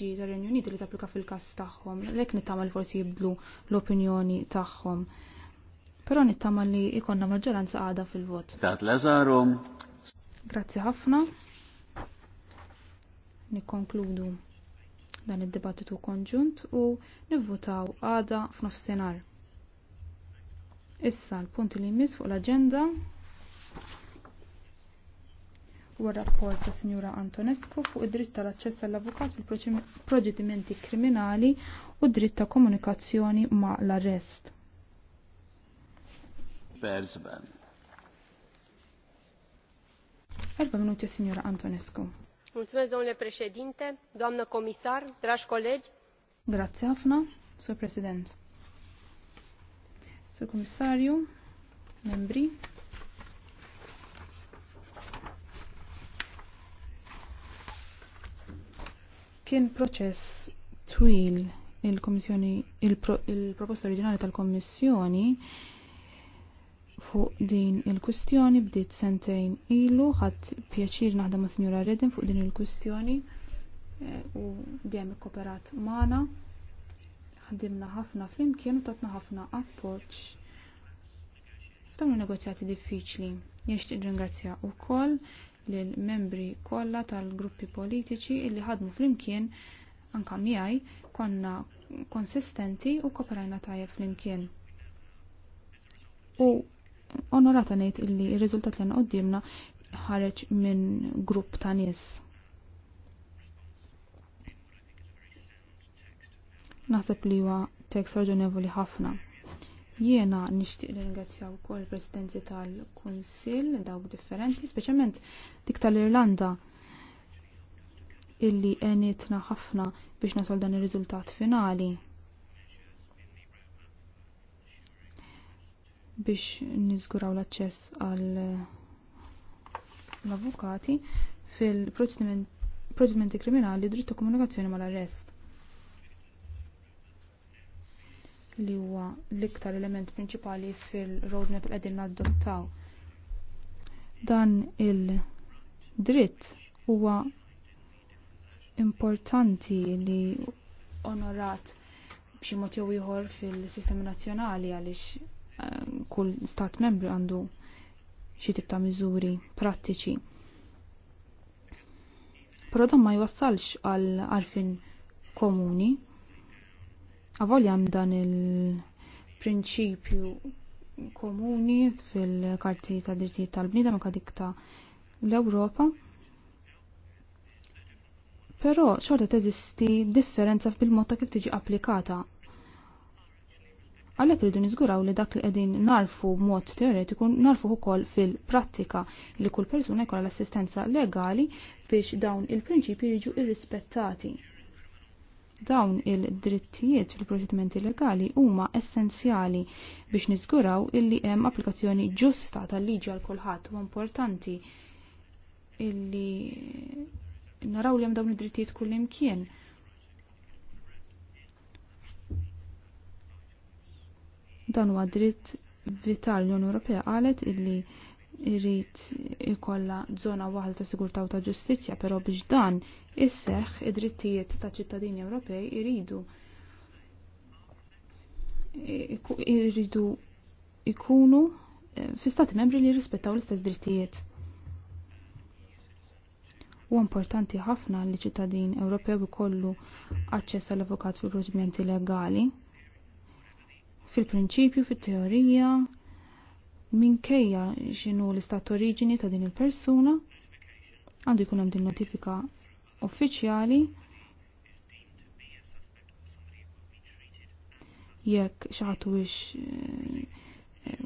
liġi tal-Renju Uniti li tapplika fil-każ tagħhom, lek nittamal forsi jibdlu l-opinjoni tagħhom. Però nittamal li ikonna maġġoranza għada fil-vot. Tat Lazarum. Grazzi ħafna. Nikkonkludu dan id-dibattitu konġunt u nivvotaw għada f'nofsinhar. Issa l-punt li jmiss fuq l-aġenda u rapport ta' Sinjura Antonescu fuq id-dritt tal-aċċess tal-avukat fil-proċedimenti kriminali u dritt ta' komunikazzjoni ma' l-arrest. Erba minuti, Signora Antonescu. Mulțumesc, domnule președinte, doamnă comisar, dragi colegi. Grazie, Afna, sur president. Sur comisariu, membri, Kien proċess twil il-Komissjoni il-proposta il oriġinali tal komissjoni fuq din il-kustjoni bdiet sentejn ilu ħadd pjaċir naħdem ma' Sinjura Redin fuq din il-kustjoni e, eh, u dejjem ikkoperat magħna. Ħaddimna ħafna flimkien u tatna ħafna appoġġ f'dawn negozjati diffiċli. Nixtieq ringrazzja wkoll lill-membri kollha tal-gruppi politiċi illi ħadmu flimkien anka miegħi konna konsistenti u koperajna tajjeb flimkien. U onorata ngħid illi r-riżultat li qudiemna ħareġ minn grupp ta' nies. Naħseb li huwa tekst raġonevoli ħafna. Jiena nixtieq ringrazzjaw ukoll il-Presidenzi tal-Kunsill dawk differenti, speċjalment dik tal-Irlanda illi għenitna ħafna biex nasol dan ir-riżultat finali. biex niżguraw l-aċċess għal l-avukati fil-proċedimenti kriminali drittu komunikazzjoni mal-arrest. li huwa l-iktar element prinċipali fil-roadmap li qegħdin nadottaw. Dan il-dritt huwa importanti li onorat b'xi mod jew ieħor fil-sistema nazzjonali għaliex eh, kull stat membri għandu xi tip ta' miżuri prattiċi. Però dan ma jwassalx għal arfin komuni Għavoljam dan il-prinċipju komuni fil-karti ta' drittijiet tal bnida ma' kadik ta' l-Ewropa. Però xorta teżisti differenza fil-mod ta' kif tiġi applikata għalek rridu nizguraw li dak li qegħdin narfu mod teoretiku narfu ukoll fil-prattika li kull persuna jkollha l-assistenza legali biex dawn il-prinċipji jiġu irrispettati. Dawn il-drittijiet fil-proċedimenti legali huma essenzjali biex niżguraw illi hemm applikazzjoni ġusta tal-liġi għal kulħadd u importanti illi naraw li hemm dawn id-drittijiet kull imkien. Dan huwa dritt vital l-Unjoni Ewropea qalet illi irrit ikolla zona waħda ta' sigurtaw ta' ġustizzja, pero biex dan isseħ id-drittijiet ta' ċittadini Ewropej iridu irridu ikunu eh, fi stati membri li rispettaw l-istess drittijiet. U importanti ħafna li ċittadin Ewropew ikollu aċċess għall avukat fil-proċedimenti legali, fil-prinċipju, fil-teorija, fil prinċipju fil prinċipju fil teorija minkejja xinu l-istat oriġini ta' din il-persuna għandu jkun hemm din notifika uffiċjali jekk xaħtu ix eh,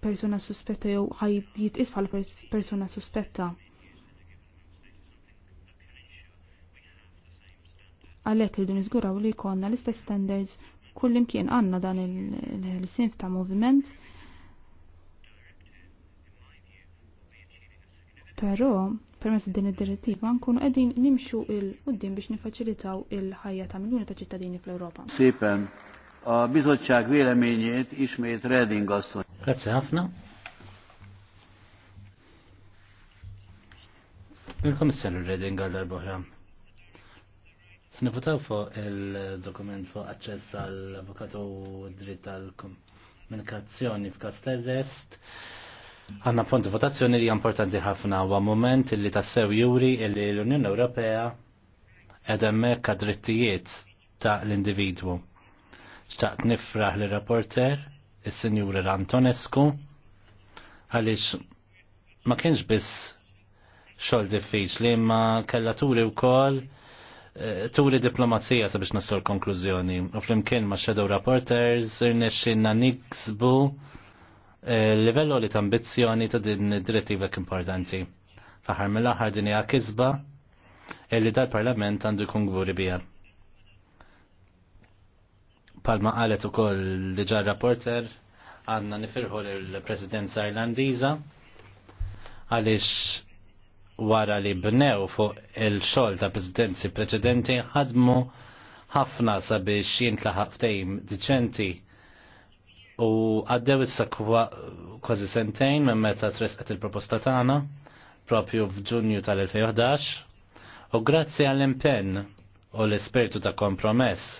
persuna suspetta jew ħaj jitqis bħala persuna suspetta. Għalhekk izgura niżguraw li jkollna l-istess standards kullimkien għandna dan il-sinf ta' moviment Però permezz din id-direttiva nkunu qegħdin nimxu il qudiem biex nifaċilitaw il-ħajja ta' miljuni ta' ċittadini fl-Ewropa. Sipem, a bizottság véleményét ismét Reding asszony. Grazie ħafna. Il-Komissarju Redding għal darbohra. Snifutaw fuq il-dokument fuq aċċess għall-avokatu dritt tal-komunikazzjoni f'każ terrest. Għanna punt votazzjoni li importanti ħafna huwa moment li tassew juri li l-Unjoni Ewropea edemmek drittijiet ta' l-individwu. Xtaqt nifraħ li rapporter il-Sinjuri Antonescu għalix ma kienx biss xol diffiċli imma kella turi wkoll eh, turi diplomazija sabiex naslu l-konklużjoni. U flimkien ma' Shadow Reporters irnexxinna niksbu Eh, livello li ta' ambizzjoni ta' din id-direttiva importanti. Faħar mill-aħħar din hija kisba illi dal-Parlament għandu jkun gburi biha. Palma qalet ukoll diġà rapporter għandna nifirħu l-Presidenza Irlandiża għaliex wara li bnew fuq il-xol ta' Presidenzi preċedenti ħadmu ħafna sabiex jintlaħaq ftejm diċenti U għaddew issa kważi sentejn minn meta tresqet il-proposta tagħna propju f'Ġunju tal-2011 u grazzi għall-impenn u l-ispirtu ta' kompromess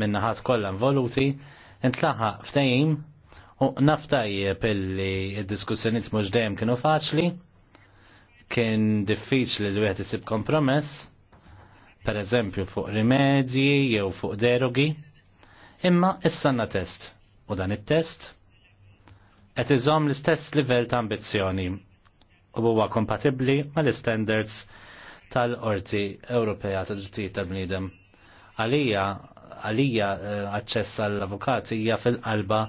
minn naħat kollha involuti ntlaħaq ftehim u naftajjeb illi d diskussjonijiet mhux dejjem kienu faċli kien diffiċli li wieħed isib kompromess per eżempju fuq rimedji jew fuq derogi imma issa test U dan it-test qed iżomm l-istess livell ta' ambizzjoni u huwa kompatibbli mal-standards tal-Qorti Ewropea ta' Drittijiet tal-Bniedem. Għalija għalija eh, aċċess għall-avukati hija fil-qalba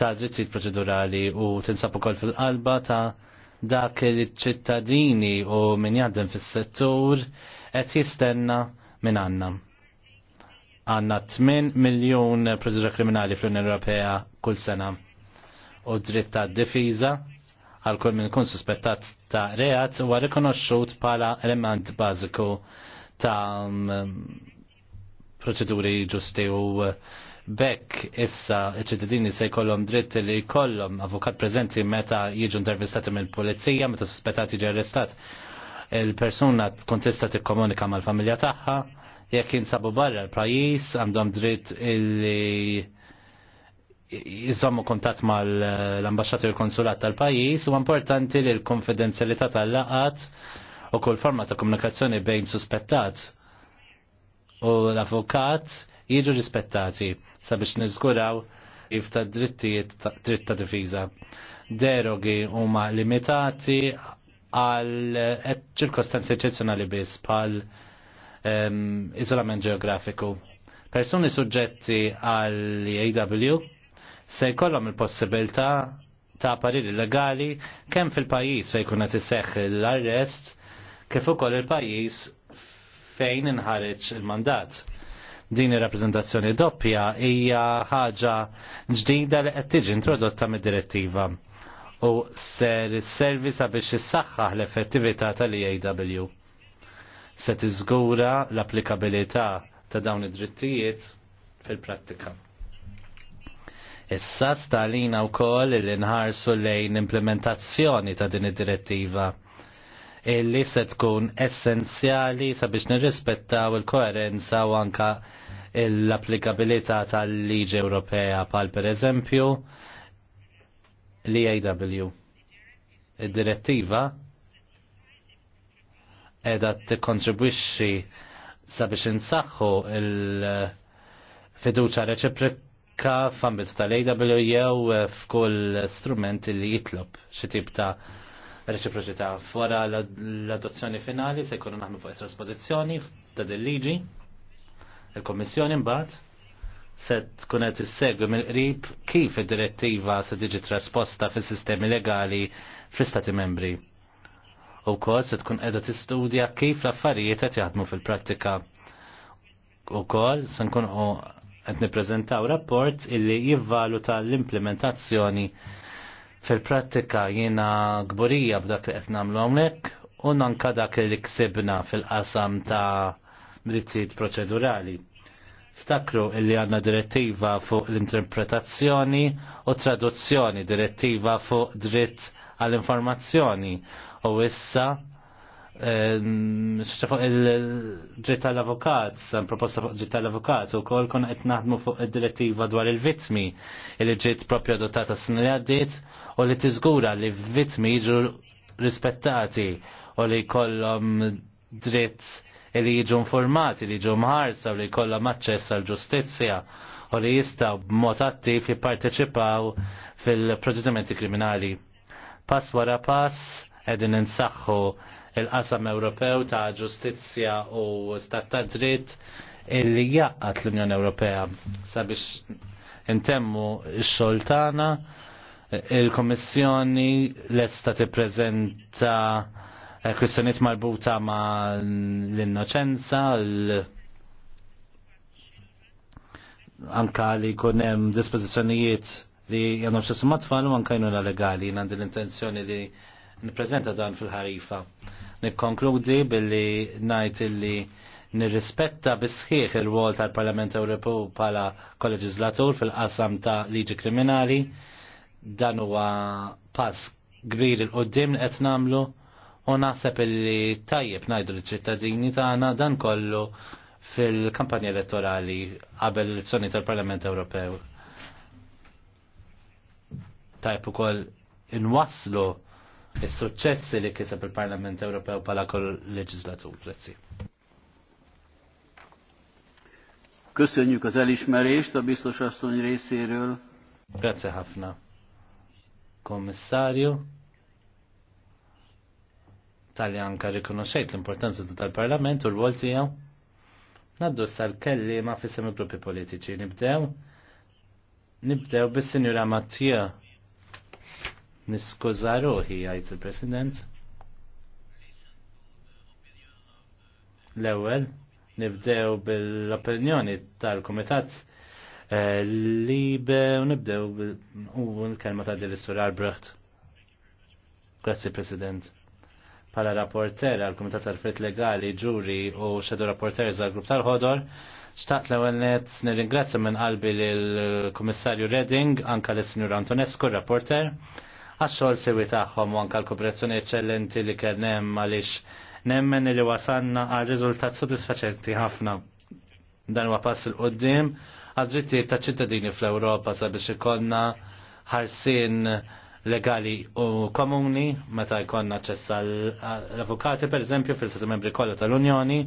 ta' drittijiet proċedurali u tinsab ukoll fil-qalba ta' dak il-ċittadini u min jaddem fis-settur qed jistenna minn għandna. Għanna 8 miljon proċedura kriminali fl-Unjoni Ewropea kull sena u dritt ta' difiża għal kull minn kun suspettat ta' reat u rikonoxxut bħala element bażiku ta' mm, proċeduri ġusti u bekk issa ċittadini se jkollhom dritt li jkollhom avukat preżenti meta jiġu intervistati mill-pulizija, meta suspettati ġi arrestat. Il-persuna kontesta tikkomunika mal-familja tagħha, jekk jinsabu barra l-pajis għandhom dritt illi jizommu kontat mal l-ambasċatur konsulat tal-pajis u importanti li l-konfidenzjalità tal-laqat u kull forma ta' komunikazzjoni bejn suspettat u l-avukat jiġu rispettati sabiex nizguraw if ta' drittijiet dritt ta' difiża. Derogi huma limitati għal ċirkostanzi eccezzjonali biss bħal iżolament ġeografiku. Persuni suġġetti għal AW se jkollhom il-possibilità ta' pariri legali kemm fil-pajjiż fejn kuna tiseħħ l-arrest kif ukoll il-pajjiż fejn inħareġ il-mandat din ir-rappreżentazzjoni doppja hija ħaġa ġdida li qed tiġi introdotta mid-direttiva u ser servisa biex issaħħaħ l-effettività tal-EAW se tiżgura l-applikabilità ta' dawn id-drittijiet fil-prattika. Issa stalina u li nħarsu inħarsu lejn implementazzjoni ta' din id-direttiva illi se tkun essenzjali sabiex nirrispettaw il-koerenza u anka l-applikabilità tal-liġi Ewropea pal per eżempju l-EAW. Id-direttiva edha t-kontribwixi sabiex insaxħu il-fiduċa reċiprika f'ambit tal-ejda f'kull strument li jitlob xi tip ta' reċiproċità. Fora l-adozzjoni finali se jkunu naħmu fuq trasposizzjoni ta' dil liġi il-Kommissjoni mbagħad se tkun qed issegwi mill-qrib kif id-direttiva se tiġi trasposta fis-sistemi legali fl-Stati membri U kol se tkun edha tistudja kif l-affarijiet qed jaħdmu fil-prattika. U kol se nkun qed nippreżentaw rapport illi jivvaluta l-implementazzjoni fil-prattika jiena gburija b'dak li qed nagħmlu hawnhekk u nanka dak li ksibna fil-qasam ta' drittijiet proċedurali. Ftakru illi għanna direttiva fuq l-interpretazzjoni u traduzzjoni, direttiva fuq dritt għall-informazzjoni u issa il-ġiet tal-avukat, proposta fuq ġiet tal-avukat, u kol kon qed naħdmu fuq id-direttiva dwar il-vitmi li ġiet propju adottata s-sena li għaddiet u li tiżgura li vitmi jiġu rispettati u li kollom dritt li jiġu informati, li jiġu mħarsa u li kollom aċċess għal ġustizzja u li jistaw b'mod attiv jipparteċipaw fil-proċedimenti kriminali. Pass wara pass, edin insaxħu il-qasam Ewropew ta' ġustizzja u stat ta' dritt illi jaqqat l-Unjoni Ewropea sabiex intemmu x-xoltana il-Komissjoni lesta prezenta eh, kwistjoniet marbuta ma' l-innoċenza, anka li kunem dispozizjonijiet li jannu xessu matfall u anka legali, jgħandu l-intenzjoni li nippreżenta dan fil-ħarifa. Nikkonkludi billi najt illi nirrispetta bisħiħ il-wol tal-Parlament Ewropew bħala koleġislatur fil-qasam ta' liġi kriminali. Dan huwa pass kbir il-qoddim li qed nagħmlu u naħseb illi tajjeb ngħidu l-ċittadini tagħna dan kollu fil-kampanja elettorali qabel l-elezzjoni tal-Parlament Ewropew. Tajb ukoll inwasslu is-suċċessi li kiseb il-Parlament Ewropew bħala kol leġislatur. Grazzi. Köszönjük az elismerést a biztos asszony részéről. Grazie ħafna. Kommissarju, tal anka rikonoxejt l-importanza tal-Parlament u l-wol tiegħu. Naddu sal-kelli ma' fissem il-gruppi politiċi. Nibdew? Nibdew bis senjura Mattia. Niskuża ruħi għajt il-President. L-ewwel nibdew bil-opinjoni tal-Kumitat eh, li nibdew u kelma ta' dil-Istur Albrecht. Grazzi President. Pala rapporter għal-Kumitat tal fritt Legali, Ġuri u xedu rapporter za' grupp tal-ħodor, xtaqt l net nirringrazzja minn qalbi l-Kummissarju Redding, anka l signor Antonescu, rapporter, għax-xogħol sewi tagħhom u anke l-kooperazzjoni eċċellenti li kien hemm għaliex nemmen li wasanna għal riżultat sodisfaċenti ħafna. Dan huwa pass il qoddim għad drittijiet ta' ċittadini fl-Ewropa sabiex ikonna ħarsin legali u komuni meta jkonna ċessa l-avukati per eżempju fil-Stati Membri kollha tal-Unjoni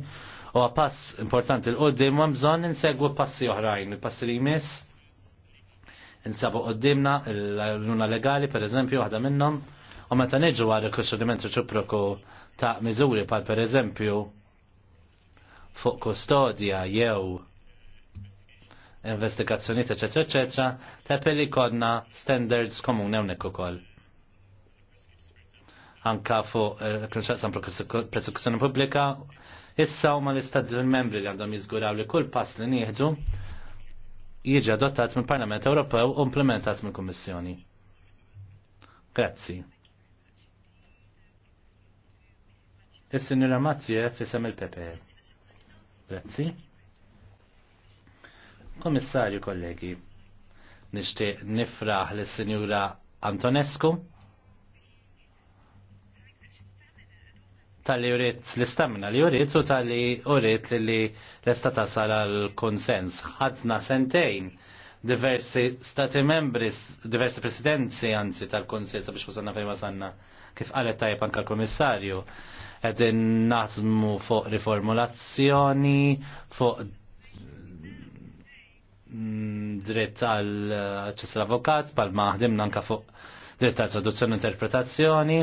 u pass importanti l qoddim bżon bżonn segwu passi oħrajn, passi li jmiss insabu qoddimna l-luna legali per eżempju waħda minnhom u meta niġu għal il-koxodiment reċiproku ta' miżuri pal per eżempju fuq kustodja jew investigazzjoni eċetera eċetera ta' pelli kodna standards komuni hawnhekk ukoll. Anka fuq il-konċezzjon eh, prosekuzzjoni pubblika issa huma l-istati membri li għandhom jiżguraw li kull pass li nieħdu jiġi adottat mill-Parlament Ewropew u implementat mill-Kummissjoni. Grazzi. Is-Sinjura Mazzje fisem il pepe Grazzi. Komissarju kollegi, nixtieq nifraħ l sinjura Antonescu tal-li uriet l-istamina li uriet u tal-li uriet li l estata tasal għal-konsens. ħadna sentejn diversi stati membri, diversi presidenzi anzi tal-konsil sabiex wasanna fejn sanna kif qalet tajb anka l-komissarju qegħdin naħdmu fuq riformulazzjoni, fuq dritt għal ċess l-avokat, palma ħdimna anka fuq dritt għal traduzzjoni interpretazzjoni.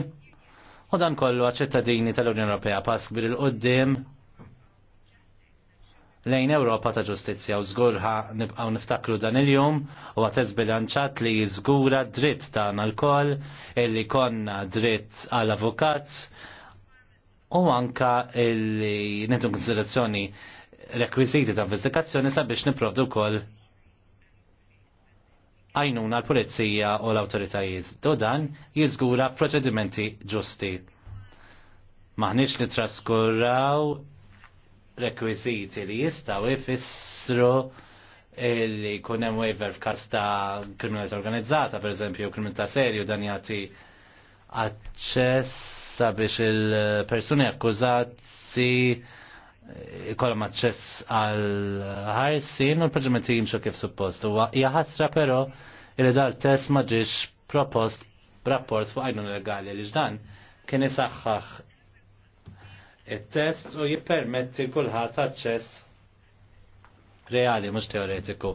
U dan kollu għaċ-ċittadini tal-Unjoni Ewropea pass kbir il-qoddim lejn Ewropa ta' ġustizzja u zgurħa nibqgħu niftakru dan il-jum u għatez bilanċat li jiżgura dritt tagħna l illi konna dritt għal avukat u anka illi nidu konsiderazzjoni rekwiziti ta' investigazzjoni sabiex niprovdu wkoll għajnuna l-Polizija u l-autoritajiet. Dodan jizgura proċedimenti ġusti. Maħniċ li traskurraw rekwiziti li jistaw ifissru li kunem waiver f'kas ta' kriminalità organizzata, per eżempju, kriminalità serju dan jati aċċess sabiex il-persuni akkużati ikollhom aċċess għal ħarsin u l-proġimenti jimxu kif suppost. U jaħasra però li dal test ma ġiex propost rapport fuq għajnuna legali li ġdan kien jisaxħax it-test u jippermetti kulħadd aċċess reali mhux teoretiku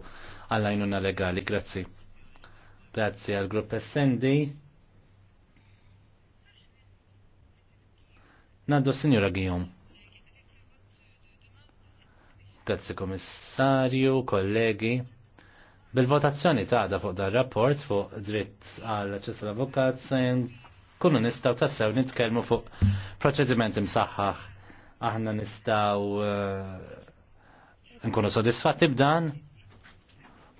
għal għajnuna legali. Grazzi. Grazzi għal grupp SND. Naddu Signora Guillaume. Grazzi komissarju, kollegi. Bil-votazzjoni ta' da fuq dar rapport fuq dritt għal ċess l-avokat sejn kunu nistaw tassew nitkelmu fuq proċedimenti msaħħaħ. Aħna nistaw eh, nkunu sodisfatti b'dan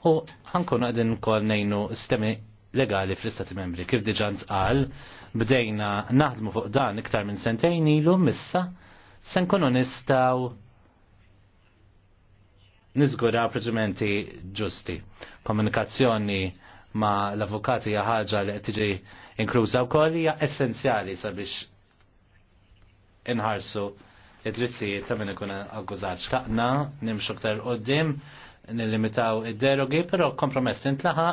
u ħankunu għedin kol nejnu sistemi legali fl-istati membri. Kif diġan qal, bdejna naħdmu fuq dan iktar minn sentejn ilu missa, sen kunu nistaw nizgura proċedimenti ġusti. Komunikazzjoni ma l-avukati hija ħaġa li qed tiġi inkluża wkoll hija essenzjali sabiex inħarsu id-drittijiet ta' min ikun akkużat. Xtaqna nimxu ktar qoddim nillimitaw id-derogi, però kompromess intlaħa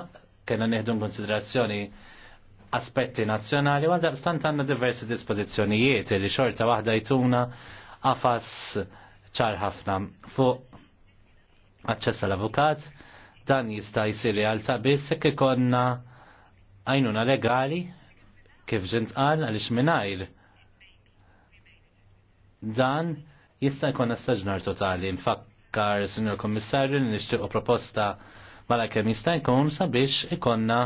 kena nieħdu konsiderazzjoni aspetti nazzjonali għal stant għandna diversi dispożizzjonijiet li xorta waħda jtuna qafas ċar ħafna fuq aċċess l avukat dan jista' jsir realtà biss jekk ikonna għajnuna legali kif ġint qal għaliex mingħajr dan jista' jkun staġnar totali. Nfakkar, Sinjor Kommissarju, li nixtiequ proposta mala kemm jista' jkun sabiex ikonna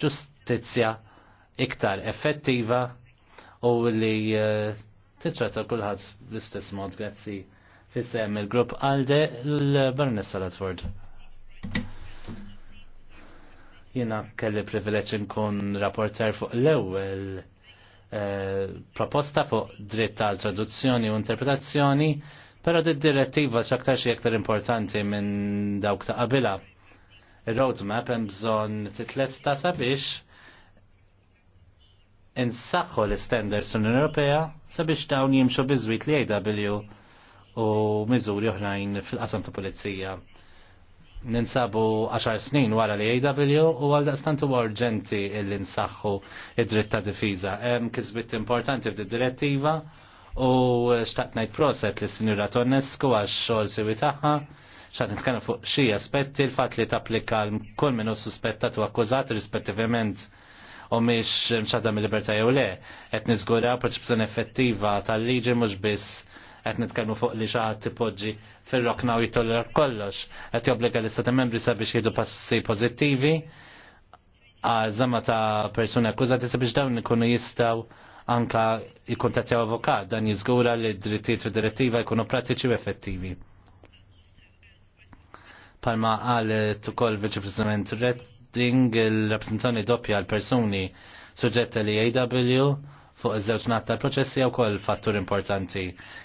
ġustizzja iktar effettiva u li eh, tiċċata kulħadd l-istess mod. Grazzi. Fissem il-grupp għalde l-Barnessa Latford. Jena kelli privileċ nkun rapporter fuq l-ewel eh, proposta fuq dritt tal traduzzjoni u interpretazzjoni, pero di direttiva xaktar xie aktar importanti minn dawk ta' qabila. Il-roadmap hemm bżonn titlesta sabiex insaħħu l-standards l-Unjoni Ewropea sabiex dawn jimxu biżwit li AW u miżuri oħrajn fil-qasam ta' pulizija. Ninsabu 10 snin wara li AW u għal daqstant urġenti illi nsaħħu id-dritt ta' difiża. Hemm kisbit importanti f'di direttiva u xtaqt ngħid proset li sinjura Tonnesku għax xogħol siwi tagħha xaqt nitkellem fuq xi aspetti l-fatt li tapplika l-kull minn suspettat u akkużat rispettivament u miex mxadda mill-libertà jew le, qed niżgura perċezzjoni effettiva tal-liġi mhux biss qed nitkellmu fuq li xaħat tipoġġi fil rokna u jitollera kollox, qed jobbliga l-istati membri sabiex jiedu passi pożittivi għazama ta' persuni akkużati sabiex dawn ikunu jistgħu anka jikkuntattjaw avokat dan jiżgura li d-drittijiet fid-direttiva jkunu pratiċi u effettivi palma għal tukoll Vice President Redding il-rappresentanti doppja għal personi suġġetta li AW fuq iż-żewġ nat tal-proċessi jew kol fattur importanti.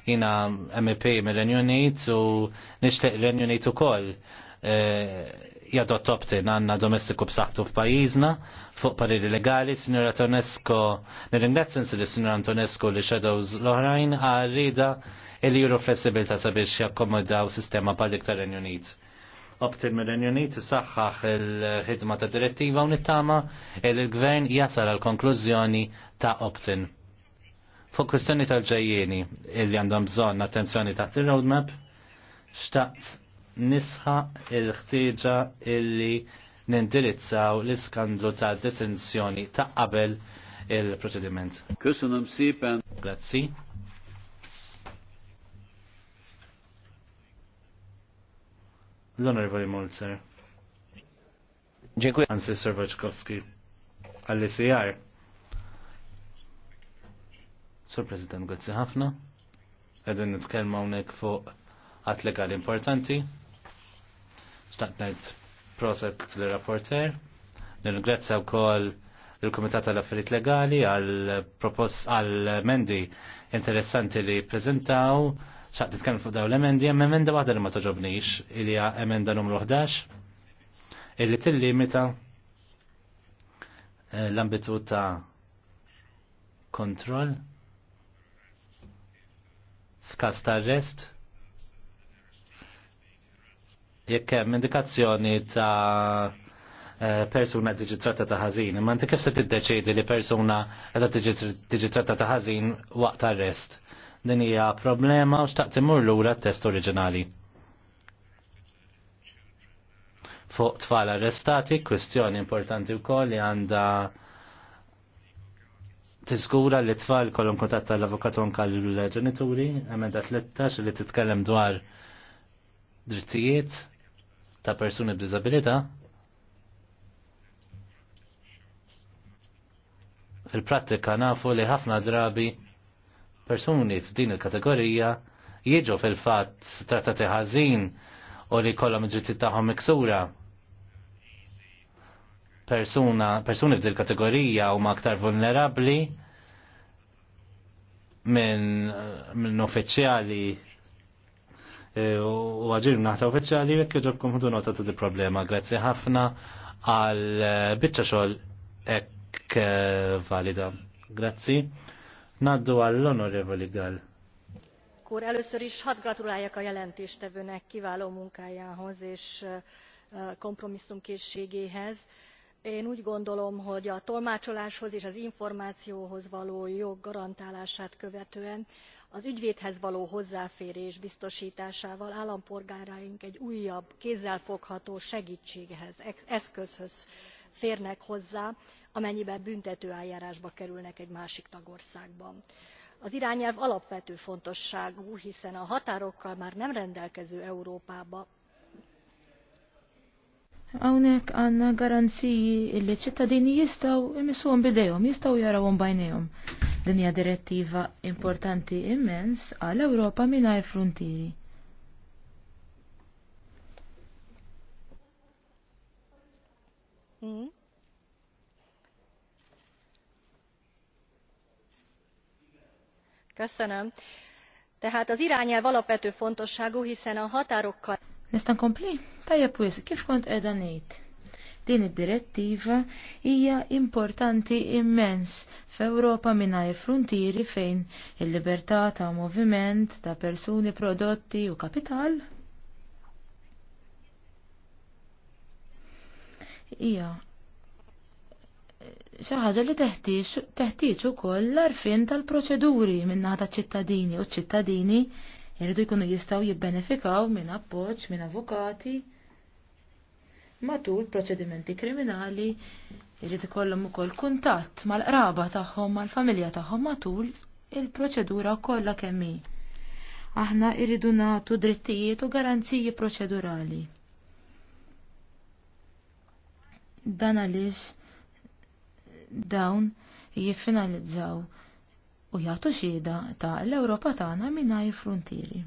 Jina MEP mill-Renjunit u nixtieq Renjunit ukoll eh, jadott optin għanna domestiku b'saħħtu f'pajjiżna fuq pariri legali, sinjur Antonesco, nirringrazzja li Sinjor Antonesco li shadows l-oħrajn għal rida il-juru flessibilta sabiex jakkomodaw sistema pal-iktar Renjunit. Obtil mill-Unjoni tisaħħaħ il-ħidma ta' direttiva u nittama il-gvern jasal għal konklużjoni ta' Obtin. Fuq kwestjoni tal-ġejjieni illi għandhom bżonn attenzjoni taħt il-roadmap, xtaqt nisħa il-ħtieġa illi nindirizzaw l-iskandlu ta' detenzjoni ta' qabel il-proċediment. Kusunum sipen. Grazzi. L-Onorevoli Molzer. Dziękuję. Ansy Serwaczkowski. Għall-ICR. Sur President, għazzi Hafna, Għedin nitkelma unek fuq għat importanti. Xtaqnajt prosek l-rapporter. Nirgrazzja u kol l-Komitat għal-Affarijiet Legali għal propos għal-mendi interessanti li prezentaw xaqt titkellem fuq dawn l-emendi, hemm emenda waħda li ma toġobnix, li hija emenda numru 11, illi tillimita eh, l-ambitu ta' kontroll f'każ ta' arrest jekk hemm indikazzjoni ta' eh, persuna tiġi tratta ta' ħażin, imma inti kif se tiddeċiedi li persuna qiegħda tiġi tratta ta' ħażin waqt arrest din hija problema u xtaqt imur lura t-test oriġinali. Fuq tfal arrestati, kwestjoni importanti wkoll li għandha tiżgura li tfal kolon kontatt tal-avukat anka l-ġenituri, emenda 13 li titkellem dwar drittijiet ta' persuni b'dizabilita. Fil-prattika nafu li ħafna drabi persuni f'din il-kategorija jiġu fil-fatt trattati ħażin u li kollha id-drittijiet tagħhom miksura. Persuna, persuni f'din il-kategorija huma aktar vulnerabbli minn min uffiċjali e, u għagġir naħta uffiċjali jekk jġobkom ħudu nota ta' problema. Grazzi ħafna għal e, bicċa xogħol ek e, valida. Grazzi. Naddu għall-onorevoli Gall. Kur, először is hadd gratuláljak a jelentéstevőnek kiváló munkájához és kompromisszumkészségéhez. Én úgy gondolom, hogy a tolmácsoláshoz és az információhoz való jog garantálását követően az ügyvédhez való hozzáférés biztosításával állampolgáraink egy újabb, kézzelfogható segítséghez, eszközhöz férnek hozzá amennyiben büntetőeljárásba kerülnek egy másik tagországban. az irányelv alapvető fontosságú hiszen a határokkal már nem rendelkező európában Hawnhekk għandna garanziji illi ċittadini jistgħu imisuhom bidejhom, jistgħu jarawhom bajnejhom. Din hija direttiva importanti immens għall Ewropa mingħajr fruntieri. Mm-hmm. Köszönöm. Tehát az irányelv alapvető fontosságú, hiszen a határokkal... Nistan kompli? Tajja pwis, kif kont edha Din id-direttiva hija importanti immens f'Ewropa mingħajr fruntieri fejn il-libertà ta' moviment ta' persuni, prodotti u kapital hija xi ħaġa li teħtieġ ukoll l-arfin tal-proċeduri minna taċ-ċittadini u ċ-ċittadini jridu jkunu jistgħu jibbenefikaw minn appoġġ minn avukati matul proċedimenti kriminali jrid ikollhom ukoll kuntatt mal-qraba tagħhom mal-familja tagħhom matul il-proċedura kolla kemm hi. Aħna irridu nagħtu drittijiet u garanziji proċedurali. Dan għaliex dawn jiffinalizzaw u jagħtu xhieda ta' l-Ewropa tagħna mingħajr frontieri.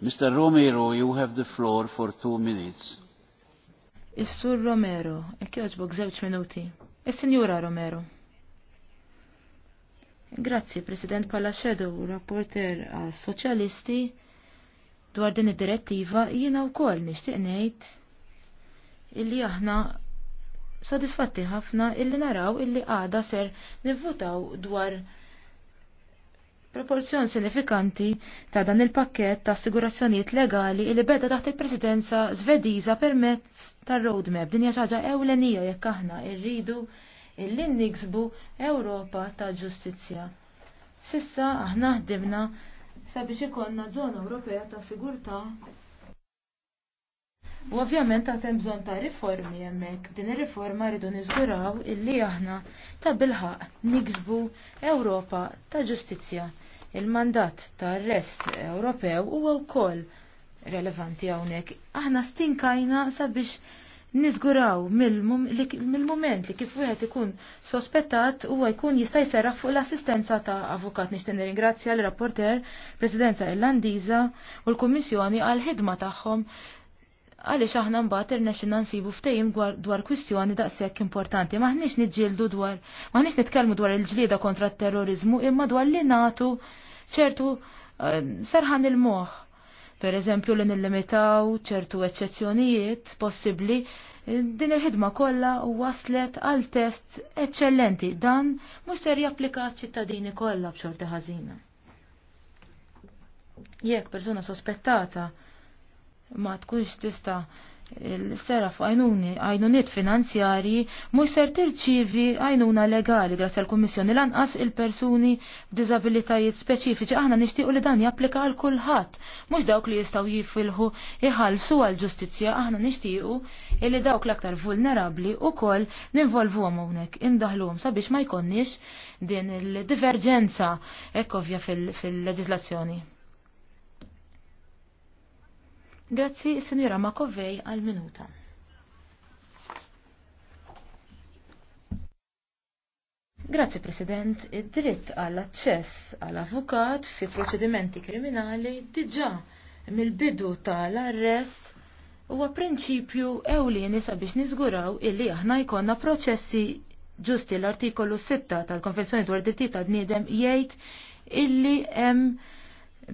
Mr. Romero, you have the floor for two minutes. is Romero, ekki oġbok zewċ minuti. Is-Sinjura Romero. Grazzi, President Palaxedo, rapporter għas soċjalisti dwar din id-direttiva jiena wkoll nixtieq ngħid illi aħna sodisfatti ħafna illi naraw illi għada ser nivvutaw dwar Proporzjon sinifikanti ta' dan il-pakket ta' assigurazzjonijiet legali li beda taħt il-presidenza svediża permezz tar roadmap din hija xi ħaġa ewlenija jekk aħna rridu illi niksbu Ewropa ta' ġustizzja. Sissa aħna ħdimna sabiex ikollna żona Ewropea ta' sigurtà U ovvjament għatem bżon ta' riformi jemmek, din ir-riforma rridu niżguraw illi aħna ta' bilħaq niksbu Ewropa ta' ġustizja. Il-mandat ta' rest Ewropew huwa wkoll relevanti hawnhekk. Aħna stinkajna sabiex nizguraw mill-moment li kif wieħed ikun sospettat huwa jkun jista' jserraħ fuq l-assistenza ta' avukat nixtieq nirringrazzja l rapporter Presidenza Irlandiża u l-Kummissjoni għal ħidma tagħhom għaliex aħna mbagħad irnexxinna nsibu ftehim dwar kwistjoni daqshekk importanti. Maħniex niġġieldu dwar, maħniex nitkellmu dwar il-ġlieda kontra t-terrorizmu imma dwar li nagħtu ċertu eh, serħan il-moħħ. Per eżempju li nillimitaw ċertu eċċezzjonijiet possibbli din il-ħidma kollha waslet għal test eċċellenti dan mhux ser japplika ċittadini kollha b'xorti ħażina. Jekk persuna sospettata ma tkunx tista sera f'għajnuni, għajnuniet finanzjarji mhux ser tirċivi għajnuna legali grazzi l kummissjoni lanqas il-persuni b'diżabilitajiet speċifiċi aħna nixtiequ li dan japplika għal kulħadd, mhux dawk li jistgħu jifilħu iħallsu għal ġustizzja aħna nixtiequ li dawk l-aktar vulnerabbli ukoll ninvolvuhom hawnhekk indaħluhom sabiex ma jkonniex din il-diverġenza ekkovja fil-leġislazzjoni. Grazzi, Signora Makovej, għal-minuta. Grazzi, President. Id-dritt għall-aċċess għall-avukat fi proċedimenti kriminali diġa mill-bidu tal-arrest huwa prinċipju ewlieni sabiex niżguraw illi aħna jkollna proċessi ġusti l-artikolu 6 tal-Konvenzjoni dwar id tal-bniedem jgħid illi hemm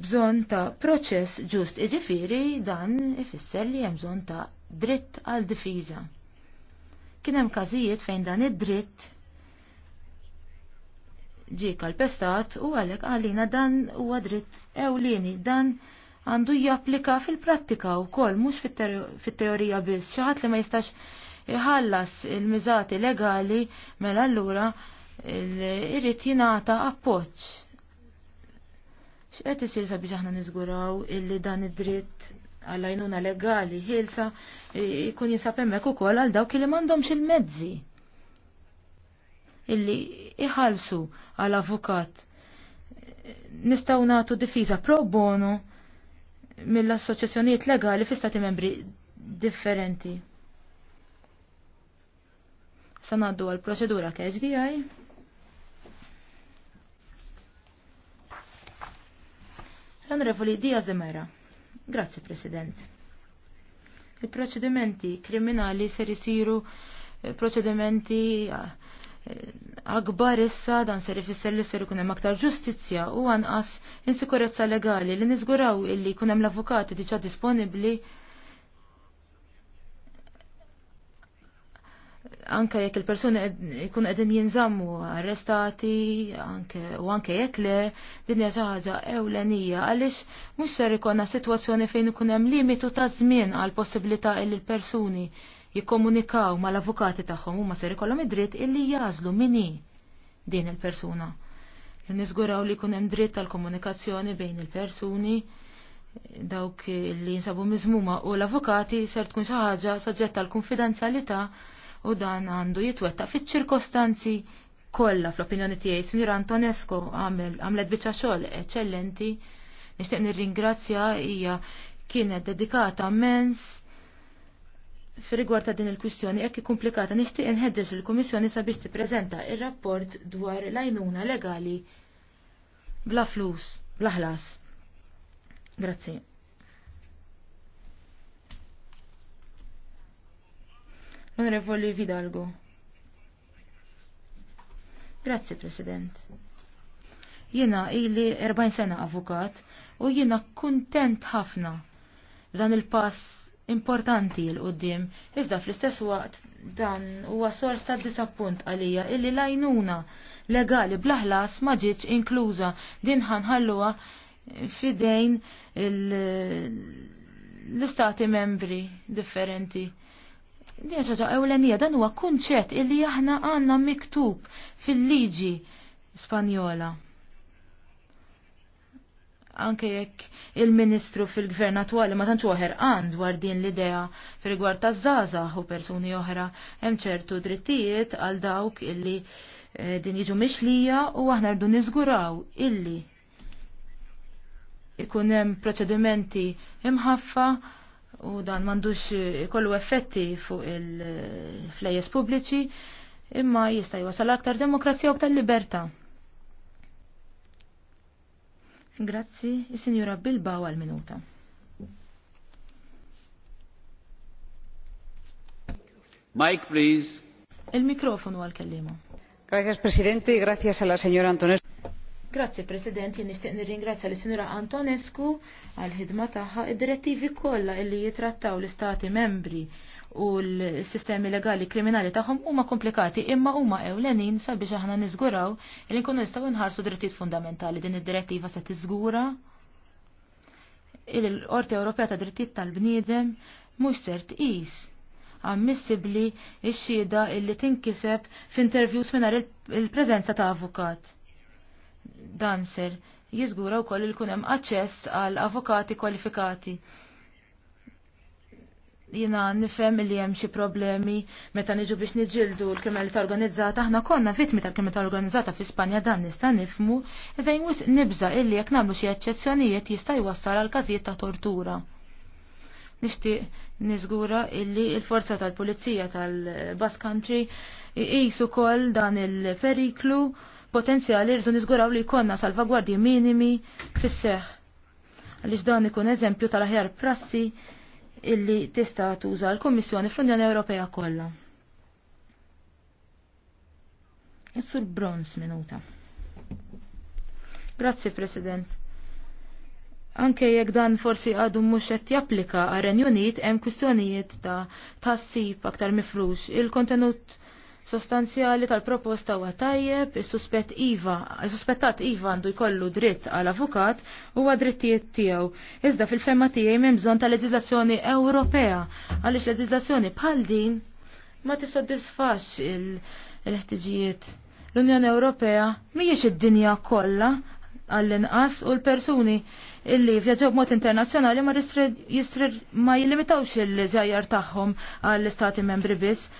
bżonn ta' proċess ġust iġifiri dan ifisser li hemm bżonn ta' dritt għal difiża. Kien hemm każijiet fejn dan id-dritt ġie kalpestat u għalhekk għalina dan huwa dritt ewlieni dan għandu japplika fil-prattika wkoll mhux fit-teorija biss xi ħadd li ma jistax iħallas il-miżati legali mela allura irrit jingħata appoġġ x'qed isir sabiex aħna niżguraw illi dan id-dritt għall-għajnuna legali ħilsa jkun jinsab hemmhekk ukoll għal dawk li m'għandhomx il-mezzi illi iħalsu għal avukat nistgħu nagħtu difiża pro bono mill-assoċjazzjonijiet legali fi stati membri differenti. Sanaddu għal proċedura KHDI. L-Onorevoli Diaz de Mera. President. Il-proċedimenti kriminali ser isiru eh, proċedimenti eh, akbar issa dan ser ifisser li ser ikun hemm aktar ġustizzja u anqas insikurezza legali li niżguraw illi jkun hemm l-avukati diġà disponibbli anke jekk il-persuni jkun qegħdin jinżammu arrestati, anke u anke jekk le din hija xi ħaġa ewlenija għaliex mhux ser ikolna sitwazzjoni fejn ikun hemm limitu ta' żmien għal possibilità li l-persuni jikkomunikaw mal-avukati tagħhom huma ser ikollhom id-dritt illi jażlu mini din il-persuna. Niżguraw li jkun hemm dritt tal-komunikazzjoni bejn il-persuni dawk li jinsabu miżmuma u l-avukati ser tkun xi ħaġa soġġetta l-konfidenzjalità u dan għandu jitwetta fit ċirkostanzi kollha fl-opinjoni tiegħi Sinjur Antonesco għamel għamlet biċċa xogħol eċċellenti. Nixtieq nirringrazzja hija kienet dedikata mens fir-rigward ta' din il-kwistjoni hekk komplikata nixtieq inħeġġeġ il-Kummissjoni sabiex tippreżenta ir-rapport dwar l-għajnuna legali bla flus, bla ħlas. Grazzi. onorevoli Vidalgo. Grazzi, President. Jena ili 40 sena avukat u jena kuntent ħafna dan il-pass importanti l-qoddim, iżda fl-istess waqt dan huwa sors ta' disappunt għalija illi lajnuna legali blaħlas ma ġietx inkluża din ħanħalluha fidejn l-istati membri differenti. Dieċaġa ewlenija dan huwa kunċett illi aħna għandna miktub fil-liġi Spanjola. Anke jekk il-Ministru fil-Gvern attuali ma tantx oħer għand dwar din l-idea fil rigward taż zaza u persuni oħra hemm ċertu drittijiet għal dawk illi eh, din jiġu mixlija u aħna rdu niżguraw illi ikun hemm proċedimenti imħaffa u dan m'għandux kollu effetti fuq il-flejjes pubbliċi imma jista' jwasal aktar demokrazija u aktar libertà. Grazzi, il sinjura Bilbao għal-minuta. Mike, please. Il-mikrofonu għal-kellima. Gracias, Presidente, gracias a la señora Grazzi President, jien nixtieq nirringrazzja li sinura Antonescu għal ħidma tagħha id-direttivi kollha li jitrattaw l-istati membri u l-sistemi legali kriminali tagħhom huma komplikati imma huma ewlenin sabiex aħna niżguraw li nkunu nistgħu nħarsu drittijiet fundamentali din id-direttiva se tiżgura il-Qorti Ewropea ta' Drittijiet tal-Bniedem mhux sert tqis ammissibbli x-xhieda illi tinkiseb f'interviews mingħajr il-preżenza ta' avukat Dan ser jiżgura wkoll il hemm aċċess għal avukati kwalifikati. Jiena nifhem li hemm xi problemi meta niġu biex niġildu l-kriminalità organizzata, aħna konna vittmi tal-kriminalità organizzata fi Spanja dan nista' nifmu, iżda nibza' nibża illi jekk nagħmlu xi eċċezzjonijiet jista' jwassal għal każijiet ta' tortura. Nixtieq niżgura illi il-forza tal-Pulizija tal bas Country jisu kol dan il-periklu potenzjali rridu niżguraw li jkollna salvagwardji minimi fis-seħ. Għaliex dan ikun eżempju tal-aħjar prassi illi tista' tuża l-Kummissjoni fl-Unjoni Ewropea kollha. Is-Sur Brons minuta. Grazzi, President. Anke jekk dan forsi għadu mhux qed japplika għar Renju Unit hemm kwistjonijiet ta' tassib aktar mifrux. Il-kontenut sostanzjali tal-proposta huwa tajjeb, is-suspett iva, is-suspettat iva għandu jkollu dritt għal avukat huwa drittijiet tiegħu. Iżda fil-femma tiegħi hemm bżonn ta' leġiżlazzjoni Ewropea għaliex leġiżlazzjoni bħal din ma tissodisfax il-ħtiġijiet. L-Unjoni Ewropea mhijiex id-dinja kollha għall-inqas u l-persuni illi vjaġġaw b'mod internazzjonali ma, ma jillimitawx il-ġajjar tagħhom għall-istati membri biss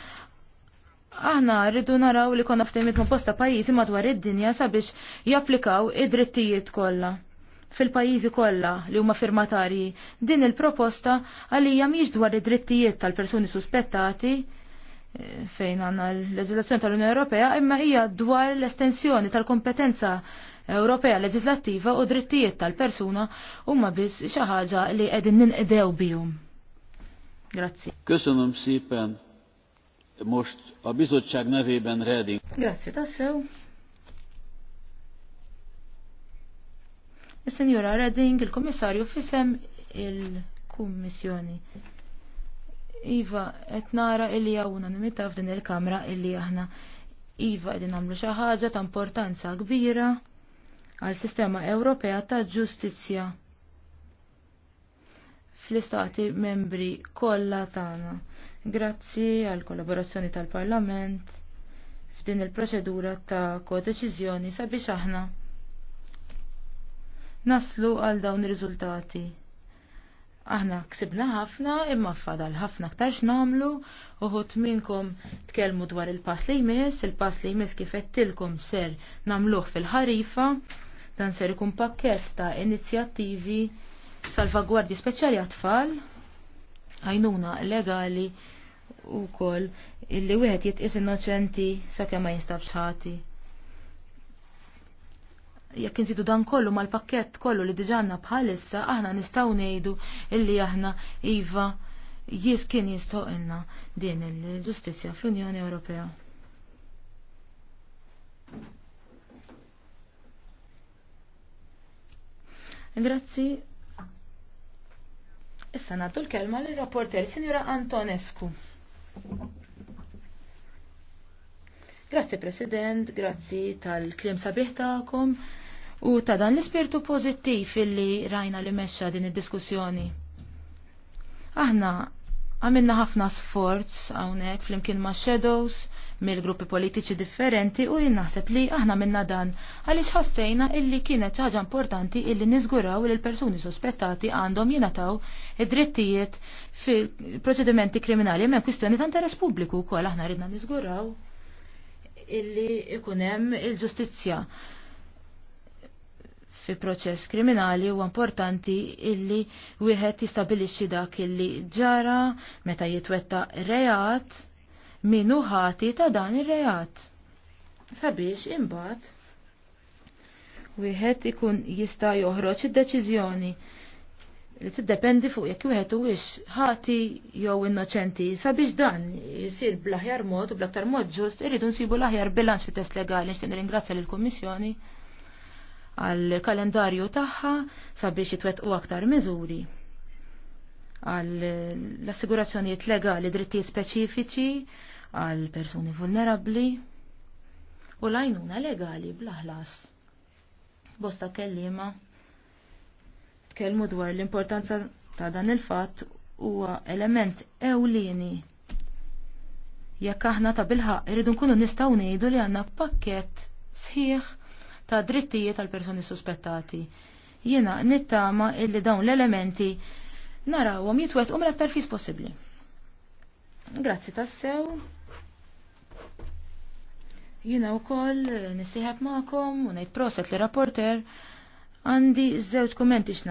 Aħna rridu naraw li konna ftehmiet ma' posta pajjiżi madwar id-dinja sabiex japplikaw id-drittijiet kollha fil-pajjiżi kollha li huma firmatarji. Din il-proposta għalija mhix dwar id-drittijiet tal-persuni suspettati eh, fejn għandna l-leġislazzjoni tal-Unjoni Ewropea imma hija dwar l-estensjoni tal-kompetenza Ewropea leġislattiva u drittijiet tal-persuna huma biss xi ħaġa li qegħdin ninqdew bihom. Grazzi. Köszönöm sipen Most a bizottság nevében Reding. Grazie, tassew. E, Il-Senjora Reding, il-Komissarju fisem il-Kummissjoni. Iva, et nara illi għawna nimita f'din il-kamra illi aħna. Iva, id namlu xaħġa ta' importanza kbira għal sistema Ewropea ta' ġustizja fl-istati membri kollha tagħna Grazzi għal kollaborazzjoni tal-Parlament f'din il-proċedura ta' kodeċiżjoni sabiex aħna naslu għal dawn ir-riżultati. Aħna ksibna ħafna imma fadal ħafna ktar x'namlu uħut minkom tkellmu dwar il-pass li jmiss, il-pass li jmiss kif qedtilkom ser namluh fil-ħarifa, dan ser ikun pakkett ta' inizjattivi salvagwardji speċjali għat-tfal, għajnuna legali u kol illi wieħed jitqis innoċenti sakemm ma jinstabx ħati. Jekk insidu dan kollu mal-pakkett kollu li diġanna bħalissa aħna nistgħu ngħidu illi aħna iva jis kien jistoqilna din il ġustizzja fl-Unjoni Ewropea. Grazzi. Issa naddu l-kelma l-rapporter, Sinjura Antonescu. Grazzi President, grazie tal-klim sabiħ ta'kom u ta' dan l-ispirtu pozittiv illi rajna li mexxa din id-diskussjoni. Aħna Għamilna ħafna sforz hawnhekk flimkien ma' shadows mill-gruppi politiċi differenti u jien naħseb li aħna minna dan għaliex ħassejna illi kienet ħaġa importanti illi niżguraw li l-persuni sospettati għandhom jingħataw id-drittijiet fil-proċedimenti kriminali hemm kwistjoni ta' interess pubbliku wkoll aħna ridna niżguraw illi ikun hemm il-ġustizzja fi proċess kriminali u importanti illi wieħed jistabilixxi dak illi ġara meta jitwetta reat minu ħati ta' dan ir-reat. Sabiex imbagħad wieħed ikun jista' joħroġ id-deċiżjoni li tiddependi fuq jekk wieħed huwiex ħati jew innoċenti sabiex dan jsir bl-aħjar mod u bl-aktar mod ġust irridu nsibu l-aħjar bilanċ fit-test legali nixtieq nirringrazzja lill-Kummissjoni għal kalendarju tagħha sabiex jitwettqu aktar miżuri għal assigurazzjonijiet legali dritti speċifiċi għal persuni vulnerabli u lajnuna legali blaħlas. Bosta kellima tkellmu dwar l-importanza ta' dan il-fatt huwa element ewlieni jekk aħna ta' bilħaq irridu nkunu nistgħu ngħidu li għandna pakkett sħiħ ta' drittijiet tal-personi suspettati. Jiena nittama illi dawn l-elementi narawhom jitwet um l-aktar fis possibbli. Grazzi tassew. Jiena wkoll nisiħab magħkom u ngħid proset li rapporter għandi żewġ kommenti x'na.